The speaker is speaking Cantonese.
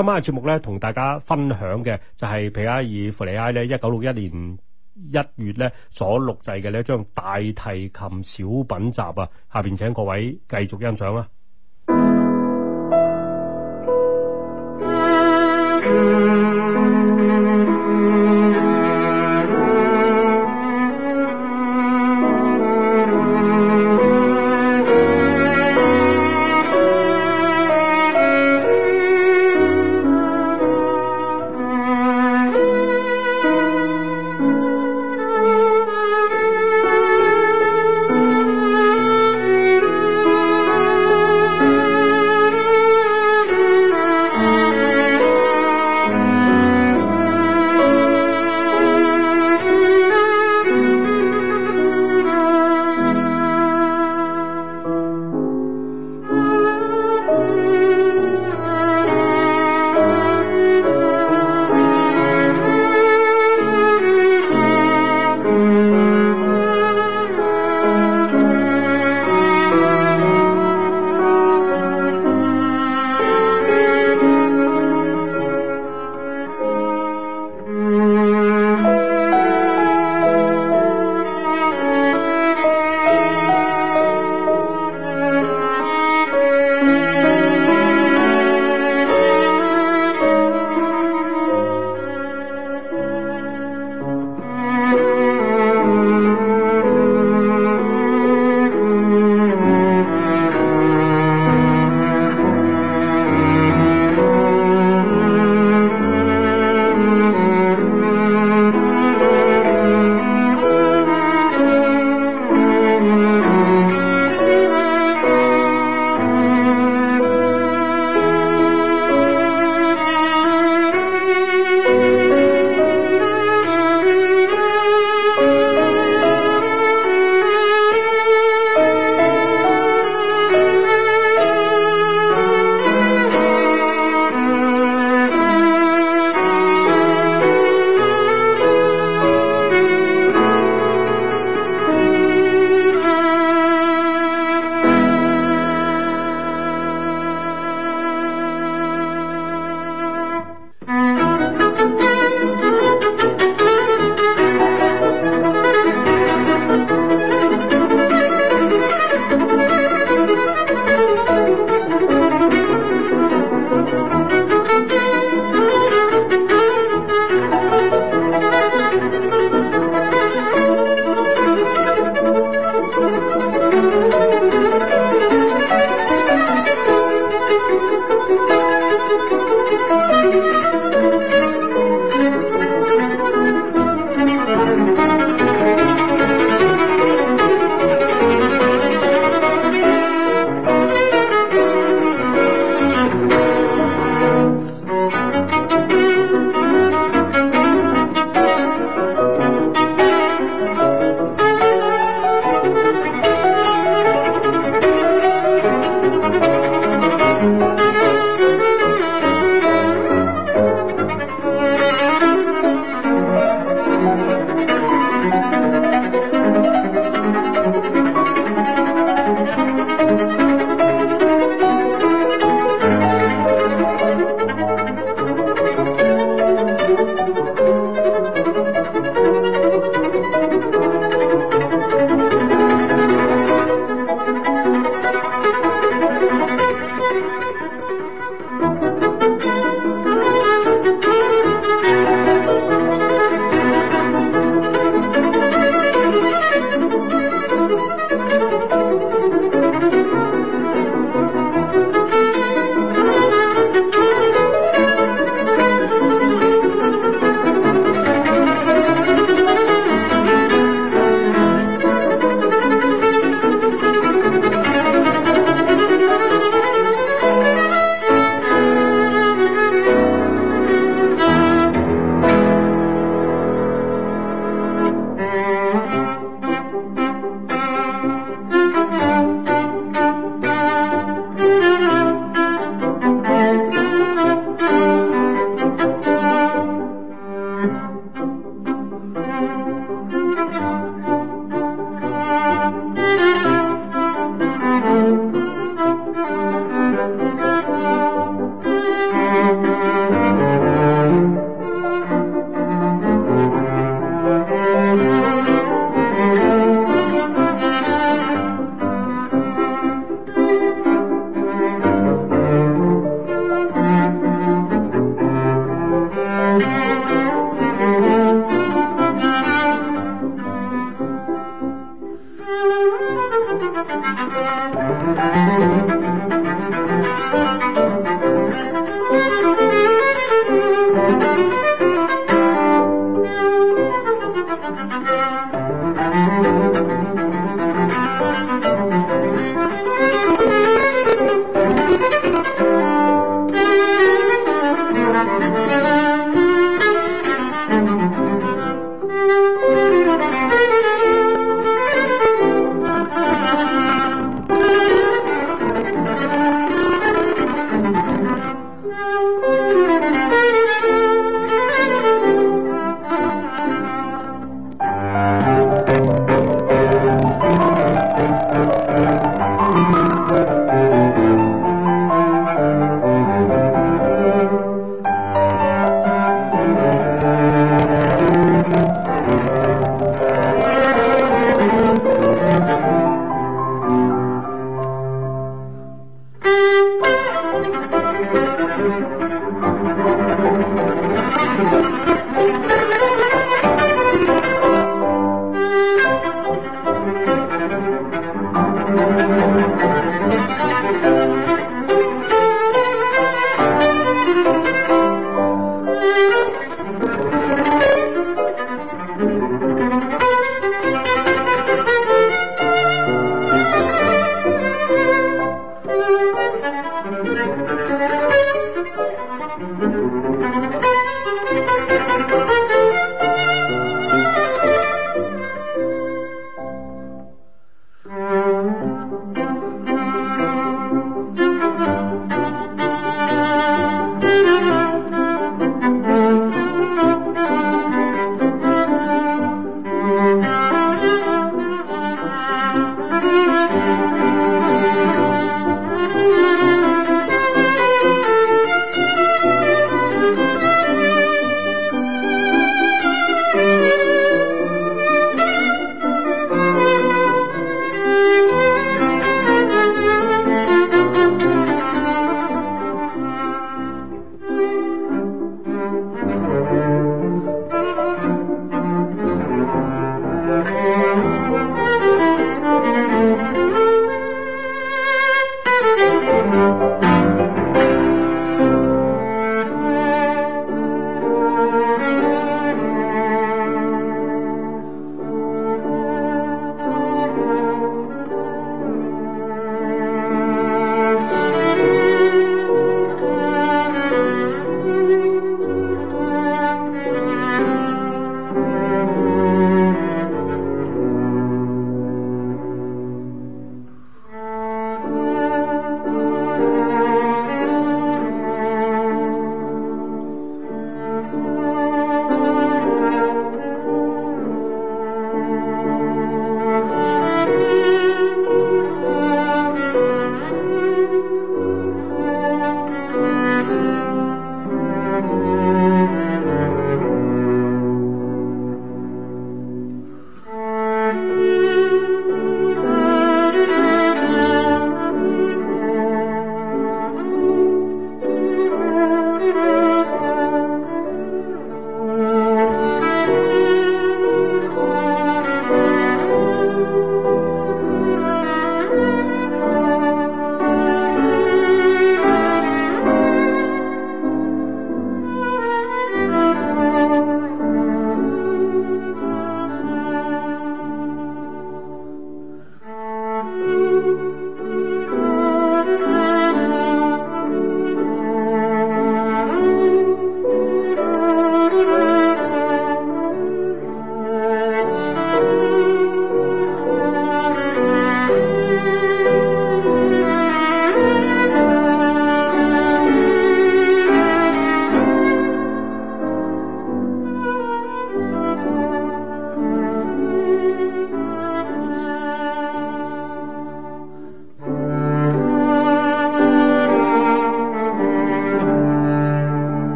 今晚嘅節目咧，同大家分享嘅就係皮埃爾·弗尼埃咧，一九六一年一月咧所錄製嘅咧，張大提琴小品集啊，下邊請各位繼續欣賞啊！